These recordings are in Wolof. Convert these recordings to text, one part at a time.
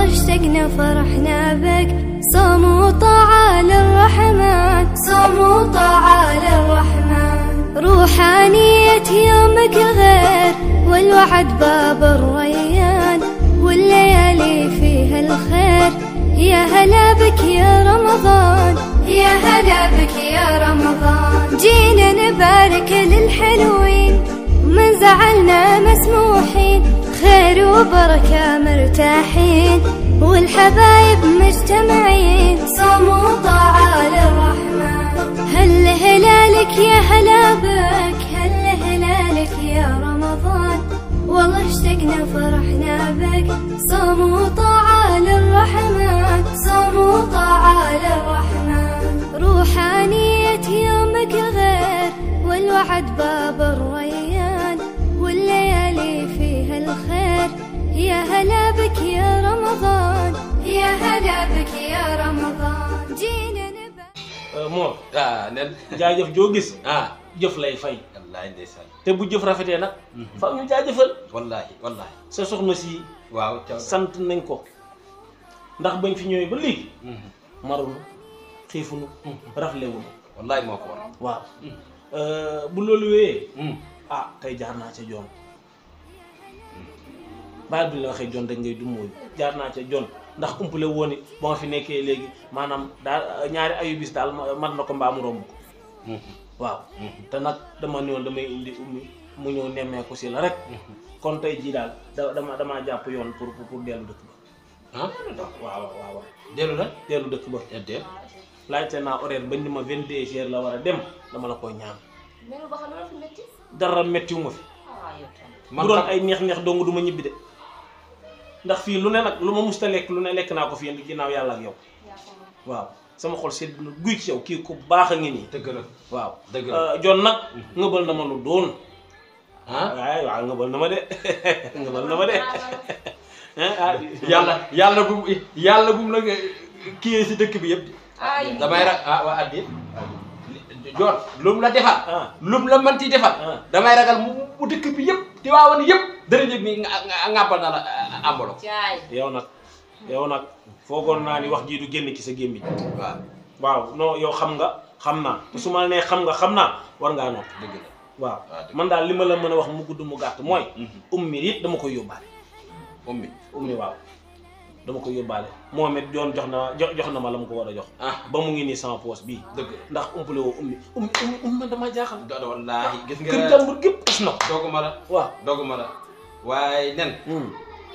والله اشتقنا فرحنا بك صوم وطاعة للرحمن صوم وطاعة للرحمن روحانية يومك غير والوعد باب الريان والليالي فيها الخير يا هلا بك يا رمضان يا هلا بك يا رمضان جينا نبارك للحلوين من زعلنا مسموحين خير وبركة مرتاحين والحبايب مجتمعين صوم وطاعة لرحمة هل هلالك يا هلا بك هل هلالك يا رمضان والله اشتقنا فرحنا بك صوم وطاعة Euh, moom. ah nen joo gis. Ah. jëf lay fay. wallaahi ndeysaan. te bu jëf rafetee nag. Mhm. fa ñu jaajëfal. wallaahi sa soxna si. waaw sant nañ ko. ndax bañ fi ñëwee ba léegi. Mhm. marunu xiifunu mhm. raflewunu. moo ko waaw euh, bu loolu wéyee. ah tey jaar naa ca joon. baal bi la waxee joon rek ngay jaar naa ca jon ndax umpale woon it ba ma fi nekkee léegi maanaam daal ñaari ayubis daal man na ko mbaa mu romb ko mm-hmm. waaw mm-hmm. te nag dama ne woon damay indi ummi mu ñëw nemmeeku si la rek mm-hmm. kon tey jii daal da dama damaa jàpp yoon pour pour dellu dëkk ba ah waaw waaw dëkk ba eh, laajte naa horaire bañ ni ma vingt deux heures la war a dem dama la ko ñaan dara méttiwu ma fi ah, bu doon ay neex-neex dong du ñibbi de ndax fi lu ne nak lu ma musta lek lu ne lek nako fi fii ginaaw yalla ak yow waaw sama xol sedd bu guuy ci yow ki ku baax ngi ni deug la waaw deug la euh, jon nak ngeubal na ma lu doon. ha ah? ay wa ngeubal na ma de ngeubal na ma de. Ah, ah. yalla yalla bu yalla bu la kiye ci dekk bi yeb damay ra ah wa adil joon lum la defal. lum la man mënti defal. damay ragal mu dekk bi yeb Tiwaawan yëpp dërëjëf bi nga ngàppal na la eh, ambolo yow nag yow nag foogoon naa ni wax jii du génn ci sa gémmiñ waaw waaw non yow xam nga xam naa te su ma nee xam nga xam naa war ngaa noppi dëgg la waaw man daal li ma la mën a wax mu gudd mu gàtt mooy mhm. ummi dama koy yóbbaale ummi ummi waaw dama ko yóbbaale Mohamed doon jox na jox na ma la mu ko war a jox. Ah. ba mu ngi nii sama poos bii. dëgg ndax umpale woo ummi ummi ummi man damaa jaaxal. wallaahi gis nga kër jàmbur gépp gis na ma la waaw doogu ma la waaye nen. Hmm.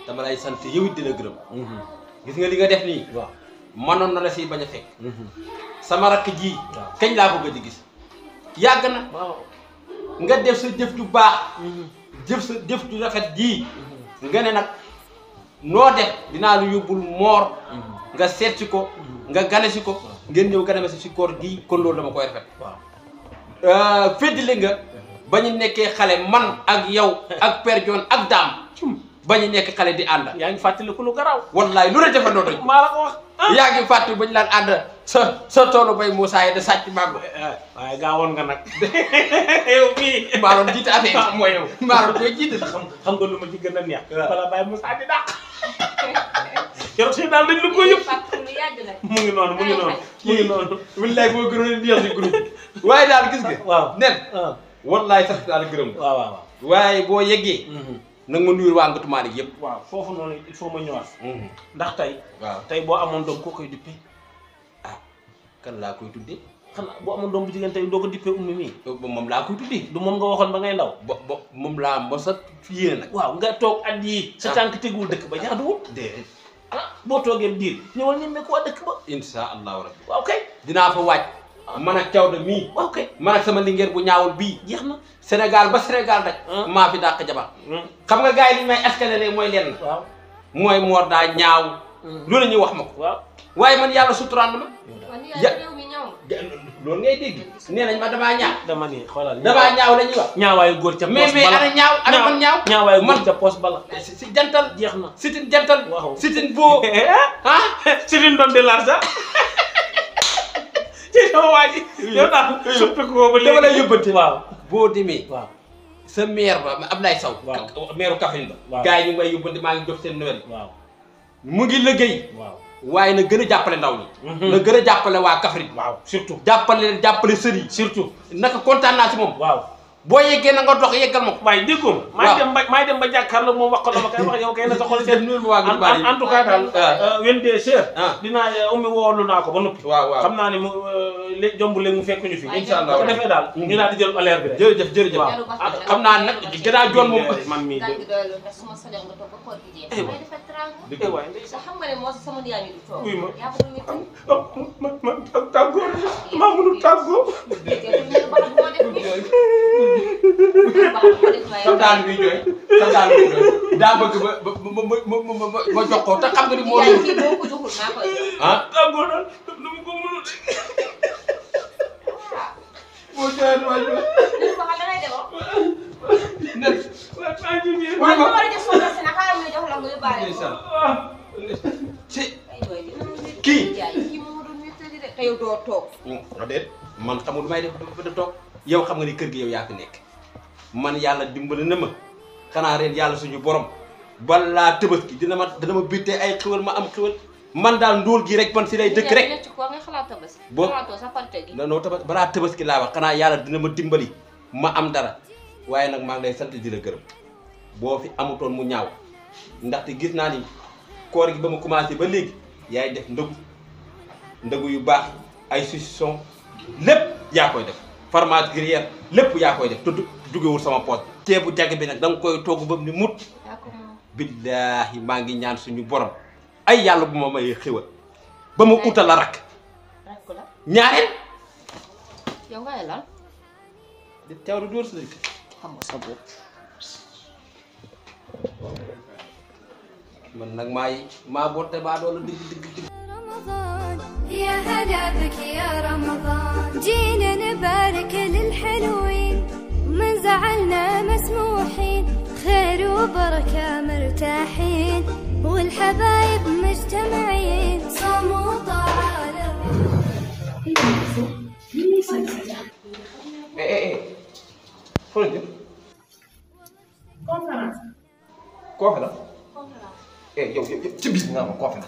dama lay sant yow di la gërëm. Hmm. nga li nga def nii. waaw mënoon na la si bañ a fekk. Hmm. sama rakk ji. kañ laa ko gëj a gis. yàgg na. nga def sa jëf ju baax. jëf sa jëf ju rafet ji. nga ne nag. noo def dinaa lu yóbbul moor mhm. nga seet ko nga ganesi si ko mhm. ngeen ñëw ganame si si koor gii kon loolu dama koy rafet waaw euh, féddali nga ba ñu nekkee xale man ak yow ak Père John ak Dame ba ñu nekk xale di ànd yaa ngi fàttali ko lu garaaw wallaay lu ne jafe noo doj yaa ngi fàttali ba laan ànd sa sa toolu bay Moussa yi da sàcc màgg. Eh, waaye gaawoon nga nag. yow mii. Mbaaroon jiite affaire yi mooy yow. Mbaaroon koy jiite sax xam xam nga lu ma ci gën a neex. waaw balaa Baye Moussa di dàq. yow si daal dañ lu ko yëpp. mu ngi noonu mu ngi noonu. mu ngi noonu. wallaay moo gënoon di neex si groupe waaye daal gis nga. waaw nen. Ah. wallaay sax daal gërëm nga. waaw waaw waaye boo yeggee. Mhm. nag ma nuyul waa Ngatoumane yëpp. waaw foofu noonu il faut ma ñëwaat. Mhm. ndax tey. waaw tey boo amoon doom koo koy duppee kan la koy tuddé xana bo amon doom bu jigéen tey doo ko dippee ummi mii mom la koy tuddee du mom nga waxon ba ngay ndaw ba ba moom laa fié nak waaw nga tok at yi sa tank teguwul dëkk ba jaaduwul dé ah bo toogee diir ñewal ñi ko dëkk ba insha allah rabbi waaw kay dina fa wajj man ak cawda mi waaw kay man ak sama lingeer bu ñaawul bi jeexna iya, Sénégal ba Sénégal daj ma fi dàq jabar xam nga gaay li may escalé moy lenn waaw moy moor daa ñaaw lu ne ñu wax ma ko. waaw waaye man yàlla suturaan na ma. ya loolu ngay dégg nee nañ ma damaa ñaaw. dama ni xoolal damaa ñaaw la ñuy wax. ñaawaayu góor ca poos bala mais mais ana ñaaw ana man poos bala. si si jantal jeex na sitin jantal. waaw sitin boo. ah sitin doon de l'argent. ci sama waa ji. yow daal soppiku ko ba léegi dama lay yóbbante. waaw boo demee. waaw sa maire ba Ablaye Sow. waaw maire Kaffrine ba. waaw gars yi ñu ngi may yóbbante seen nouvelle. waaw. mu ngi liggéey. waaw waaye na gën a jàppale ndaw ñi. Mhm. na gën a jàppale waa Kaffrine. waaw surtout jàppale jàppale sëriñ. surtout naka kontaan naa ci moom. waaw. boo yeggee na nga dox yeggal ma ko. waaye déggoo ma. waaw maay dem ba maay dem ba jàkkaarloog moom wax ko la ma koy wax yow kay na sa xol seet. en en tout cas daal. waaw ah. euh, euh, wendee seer. Ah. dinaa euh, ummi woolu naa ko ba noppi. waaw waaw xam naa ni mu léegi jomb léegi mu fekk ñu fi. incha allah ko defee daal. ñu mm-hmm. daal di jël alerte bi rek. jërëjëf jërëjëf waaw ah, xam naa nag gannaaw joon moom. man mii de. dëgg eh, waay eh, oui oh, ma ma ma tàggoo maa mënul tàggoo. santaan bi jooy santaan bi jooy daa bëgg ba ba ma ma ma ma jox ko te xam nga ni moo. yor ah tàggoo na lu mu ko mënul rek. moo ah. a te toog. Mm, man xamul lu may def da toog yow xam nga ni kër gi yow yaa fi nekk man yàlla dimbali na ma xanaa ren yàlla suñu borom balaa tëbët gi dina ma dina ma bittee ay xéwal ma am xéwal man daal ndóol gi rek si lay dëkk rek. nga xalaat tabaski. boo xalaatoo sa pante gi. non non tabaski balaa laa wax xanaa yàlla dina ma dimbali ma am dara waaye nag maa ngi lay sant di la gërëm boo fi amutoon mu ñaaw ndaxte gis naa ni koor gi ba mu commencé ba léegi yaay def ndëgu ndogu yu baax ay saucisson lepp ya koy def format grier lepp ya koy def te dugewul sama poos bu jagg bi nak dang koy togg bam ni mut billahi ma ngi ñaan suñu borom ay yalla bu ma may xéwal ba mu utal la rak ñaarel yow nga lan di teew du dóor sa xam nga sa bop man ma bo te ba do la dig dig dig يا هلا بك يا رمضان جينا نبارك للحلوين من زعلنا مسموحين خير وبركة مرتاحين والحبايب مجتمعين صوم وطاعة إيه،, ايه ايه فرجة كوفرة كوفرة ايه يو يو يو تبي تنام كوفرة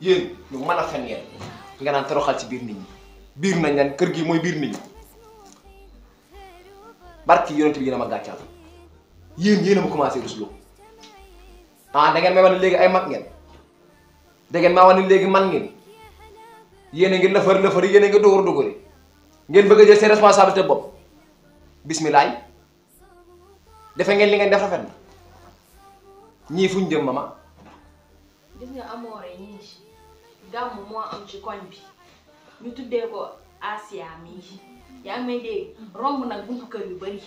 yéen mu mën a fen ngeen nga naan toroxal ci biir nit ñi biir nañ leen kër gi mooy biir nit ñi barki yonent bi yéen a ma gàccaal yéen yéen a ma commencé rusloo ah da ngeen may wane léegi ay mag ngeen da ngeen maa léegi man ngeen yéen a ngi lëfër lëfër yéen a ngi duggur dugguri ngeen bëgg a jël seen responsabilité bopp bismillaay defe ngeen li ngeen def rafet na ñii fuñ jëm mama gàmm moo am ci koñ bi ñu tuddee ko Asia mii yaa ngi may dégg romb nag buntu kër yu bari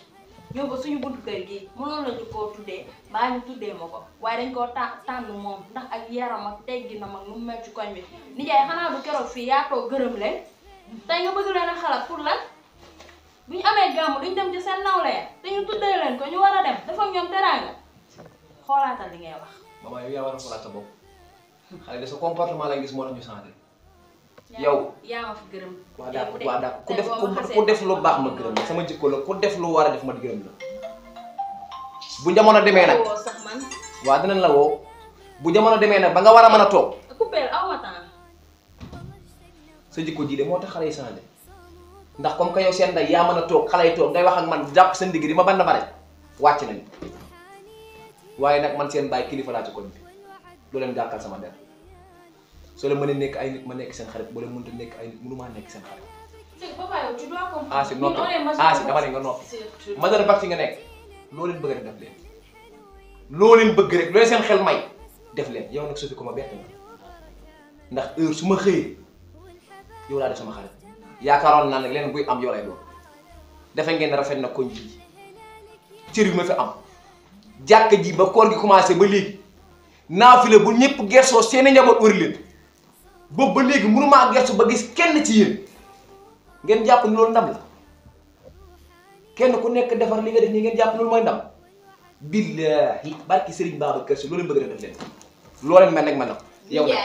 ñëw ba suñu buntu kër gi mënoon nañu koo tuddee mbaa ñu tuddee ma ko waaye dañ koo tàn tànn moom ndax ak yaram ak tegginam ak nu mu mel ci koñ bi nijaay xanaa du keroog fii yaatoo gërëm leen tey nga bëgg a xalaat pour lan bu ñu amee gàmm duñ dem ci seen nawle ya te ñu tuddee leen ko ñu war a dem dafa ñoom teraanga xoolaatal li ngay wax. xale bi sa comportement lay gis moo tax ñu changé. yow yaa ma waa gërëm. waaw daa waaw daa ku def ku def lu baax ma gërëm la sama jikko la ku def lu war a def ma gërëm la. bu jamono demee nag waaw dinañ la woo bu jamono demee nag ba nga war a mën a toog. sa jikko ji de moo tax xale yi changé ndax comme que yow seen ndey yaa mën a toog xale yi toog ngay wax ak man jàpp seen digg di ma ban na bare wàcc nañu waaye nag man seen bàyyi kilifa laa ci koñ bi. looleen leen gàkkal sama der soo leen mënee nekk ay nit ma nekk seen xarit boo leen mënut a nekk ay nit nekk seen xarit. ah si noppi ah si dama ne nga noppi. majeur parti nga nekk loo leen bëgg rek def leen. loo leen bëgg rek looy seen xel may def leen yow nag sofi ko ma bett nga ndax heure su ma xëyee yow laa def sama xarit yaakaaroon naa ne leen buy am yow lay doon dafa ngeen rafet na koñ bii cër bi ma fi am jàkka ji ba koor gi commencé ba léegi. nafile bu ñepp gesso seen njabot wër leen boobu ba léegi mënumaa gesso ba gis kenn ci yeen ngeen japp ni loolu ndam la kenn ku nekk defar li nga def ni ngeen japp loolu moy ndam billahi barki baba Babacar ci loolu bëgg rek def leen loolu leen mel nak ma nak yow nag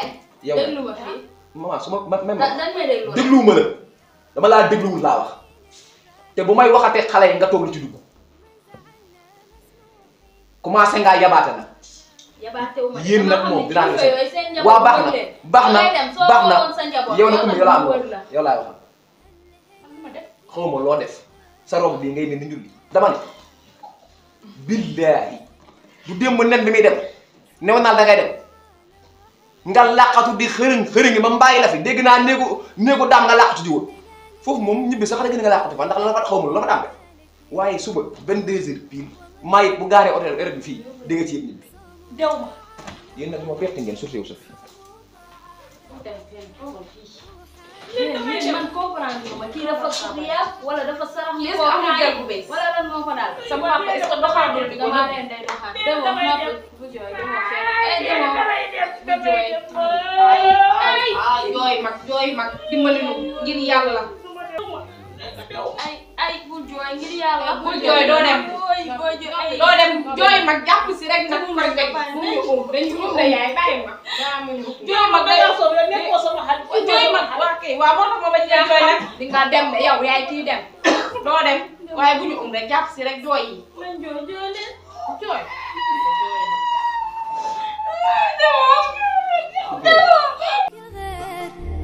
yow nag ah, maman su ma même ma la dama deglu wu la wax te bu may waxatee xalé nga toog lu ci dugg commencé nga yabaate nak yéen nag moom dinaa la seet waaw baax na baax na baax na yow nag ummi yow laa am yow laa wax xaw ma loo def sa robe bii ngay mel ni njulli dama ne billaahi bu démb nen bi muy dem new naa da ngay dem nga làqatu di xëriñ xëriñ ba mbàyyi la fi dégg naa néegu néegu daam nga làqatu ji woon foofu moom ñibbi sax rek gën nga làqatu fa ndax la fa xaw ma la fa daam waaye suba 22h pile maa bu gaaree hôtel heure fii di nga ñibbi dew ma. yéen nag ma bett ngeen su sew sa fi. yéen man comprendre ma kii dafa suriya wala dafa sarax. est-ce que amul jël bu bees wala lan moo ko daal. sa papa est-ce que doxaanul bi nga maa leen day doxaan. demoo ma bu jooy demoo fee ay demoo bu jooy. ah jooy mag jooy mag dimbali nu ngir yàlla. ay ay bul jooy ngir yàlla. bul jooy doo dem. loo dem jooy mag jàpp si rek nag mag rek mu ngi um dañu um na yaay bàyyi ma daa ma ñu jooy mag day soo rek nekkoo sama xal jooy mag waa kay waa moo tax ma bañ leen jooy nag di nga dem yow yaay kii dem doo dem waaye bu ñu um rek jàpp si rek jooy yi man jooy jooy leen jooy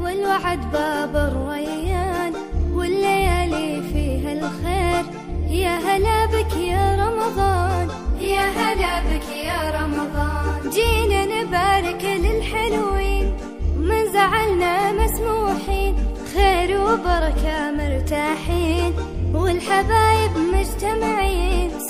والوعد باب الريان والليالي فيها الخير يا هلا بي رمضان يا هلا بك يا رمضان جينا نبارك للحلوين من زعلنا مسموحين خير وبركة مرتاحين والحبايب مجتمعين